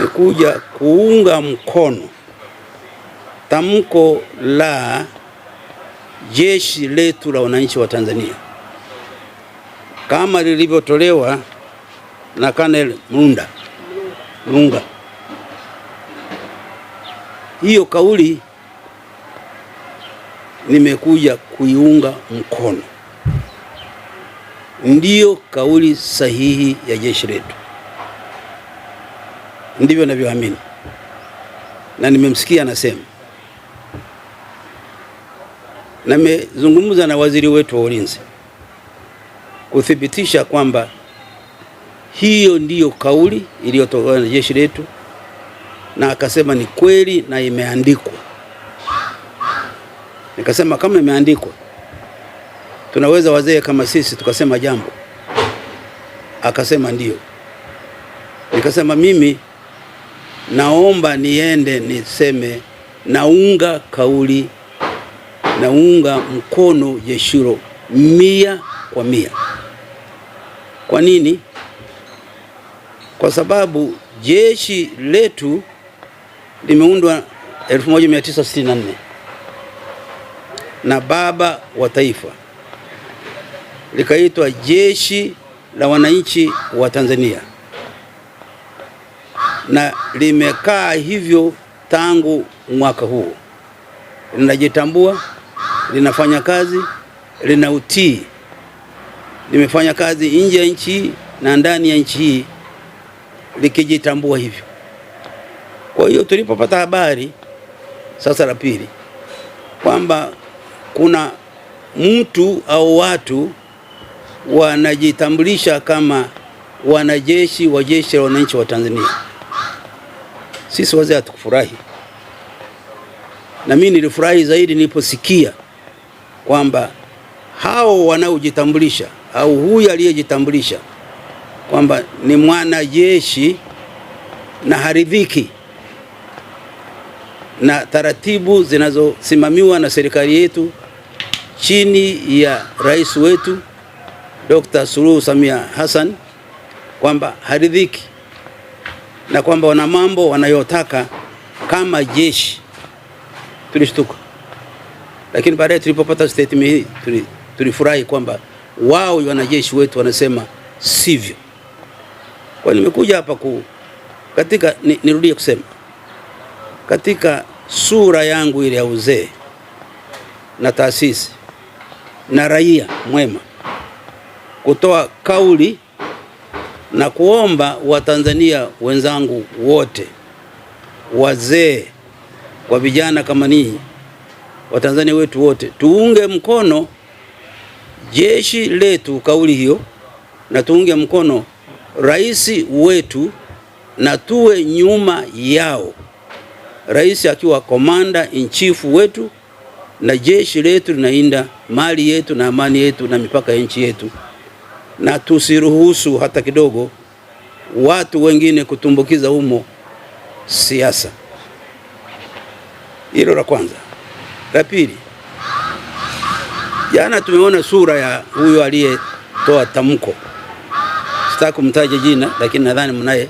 ni kuja kuunga mkono tamko la jeshi letu la wananchi wa Tanzania kama lilivyotolewa na Kanel Mlunda Lunga. Hiyo kauli nimekuja kuiunga mkono, ndiyo kauli sahihi ya jeshi letu ndivyo navyoamini na nimemsikia anasema. Nimezungumza na waziri wetu wa ulinzi kuthibitisha kwamba hiyo ndiyo kauli iliyotolewa na jeshi letu, na akasema ni kweli na imeandikwa. Nikasema kama imeandikwa, tunaweza wazee kama sisi tukasema jambo? Akasema ndiyo. Nikasema mimi naomba niende niseme naunga kauli, naunga mkono Jeshuro mia kwa mia. Kwa nini? Kwa sababu jeshi letu limeundwa 1964 na baba wa taifa, likaitwa jeshi la wananchi wa Tanzania na limekaa hivyo tangu mwaka huu. Linajitambua, linafanya kazi, lina utii, limefanya kazi nje ya nchi hii na ndani ya nchi hii likijitambua hivyo. Kwa hiyo tulipopata habari sasa, la pili, kwamba kuna mtu au watu wanajitambulisha kama wanajeshi wa jeshi la wananchi wa Tanzania. Sisi wazee hatukufurahi, na mimi nilifurahi zaidi niliposikia kwamba hao wanaojitambulisha au huyu aliyejitambulisha kwamba ni mwanajeshi na haridhiki na taratibu zinazosimamiwa na serikali yetu chini ya rais wetu Dr. Suluhu Samia Hassan kwamba haridhiki na kwamba wana mambo wanayotaka kama jeshi. Tulishtuka, lakini baadaye tulipopata statement hii tulifurahi kwamba wao wanajeshi wetu wanasema sivyo. Kwa nimekuja hapa ku katika ni, nirudie kusema katika sura yangu ile ya uzee na taasisi na raia mwema kutoa kauli na kuomba Watanzania wenzangu wote, wazee kwa vijana kama ninyi, Watanzania wetu wote tuunge mkono jeshi letu, kauli hiyo, na tuunge mkono rais wetu na tuwe nyuma yao, rais akiwa komanda in chief wetu, na jeshi letu linainda mali yetu na amani yetu na mipaka ya nchi yetu na tusiruhusu hata kidogo watu wengine kutumbukiza humo siasa. Hilo la kwanza. La pili, jana tumeona sura ya huyo aliyetoa tamko, sitaki kumtaja jina, lakini nadhani mnaye.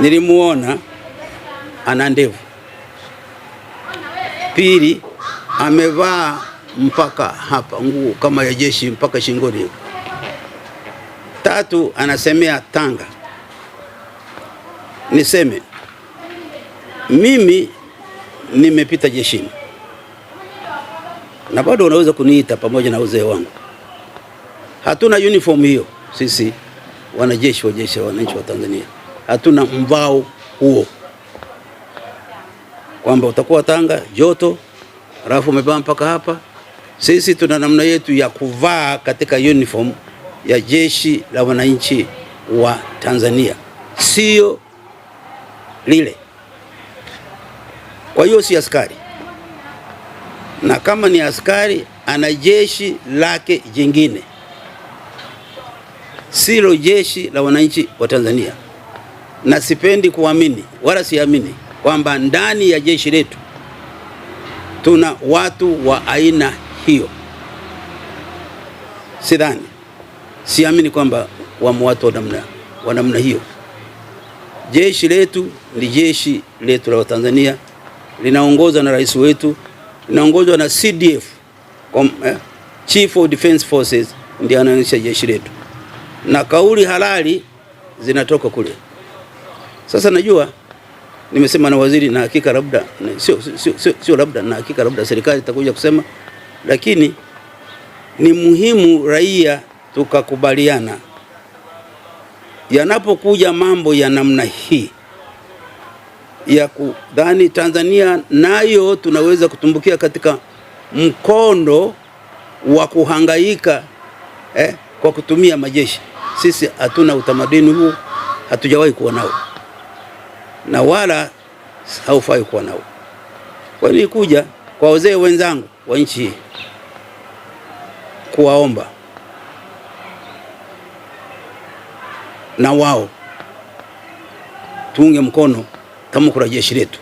Nilimuona ana ndevu. Pili, amevaa mpaka hapa, nguo kama ya jeshi mpaka shingoni. Tatu, anasemea Tanga. Niseme mimi nimepita jeshini na bado unaweza kuniita pamoja na uzee wangu. Hatuna uniform hiyo sisi wanajeshi wa jeshi la wananchi wa Tanzania, hatuna mvao huo kwamba utakuwa Tanga joto, alafu umevaa mpaka hapa. Sisi tuna namna yetu ya kuvaa katika uniform ya jeshi la wananchi wa Tanzania, sio lile. Kwa hiyo si askari, na kama ni askari ana jeshi lake jingine, silo jeshi la wananchi wa Tanzania. Na sipendi kuamini wala siamini kwamba ndani ya jeshi letu tuna watu wa aina hiyo. Sidhani, siamini kwamba watu wa namna hiyo. Jeshi letu ni jeshi letu la Watanzania, linaongozwa na rais wetu, linaongozwa na CDF kom, eh, Chief of Defense Forces ndiye anaonyesha jeshi letu, na kauli halali zinatoka kule. Sasa najua nimesema na waziri, na hakika labda sio sio sio labda, na hakika labda serikali itakuja kusema lakini ni muhimu raia tukakubaliana, yanapokuja mambo ya namna hii ya kudhani Tanzania nayo tunaweza kutumbukia katika mkondo wa kuhangaika eh, kwa kutumia majeshi. Sisi hatuna utamaduni huu, hatujawahi kuwa nao na wala haufai kuwa nao. Kwa hiyo nikuja kwa wazee wenzangu wa nchi kuwaomba na wao tuunge mkono tamko la jeshi letu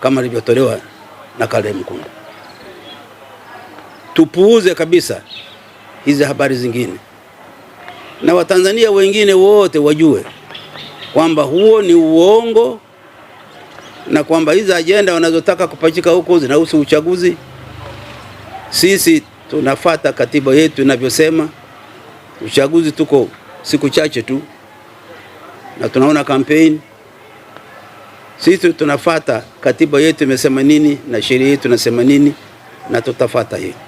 kama lilivyotolewa na kale Mkunda. Tupuuze kabisa hizi habari zingine, na Watanzania wengine wote wajue kwamba huo ni uongo na kwamba hizi ajenda wanazotaka kupachika huko zinahusu uchaguzi sisi tunafata katiba yetu inavyosema. Uchaguzi tuko siku chache tu, na tunaona kampeni. Sisi tunafata katiba yetu imesema nini na sheria yetu inasema nini, na tutafata hiyo.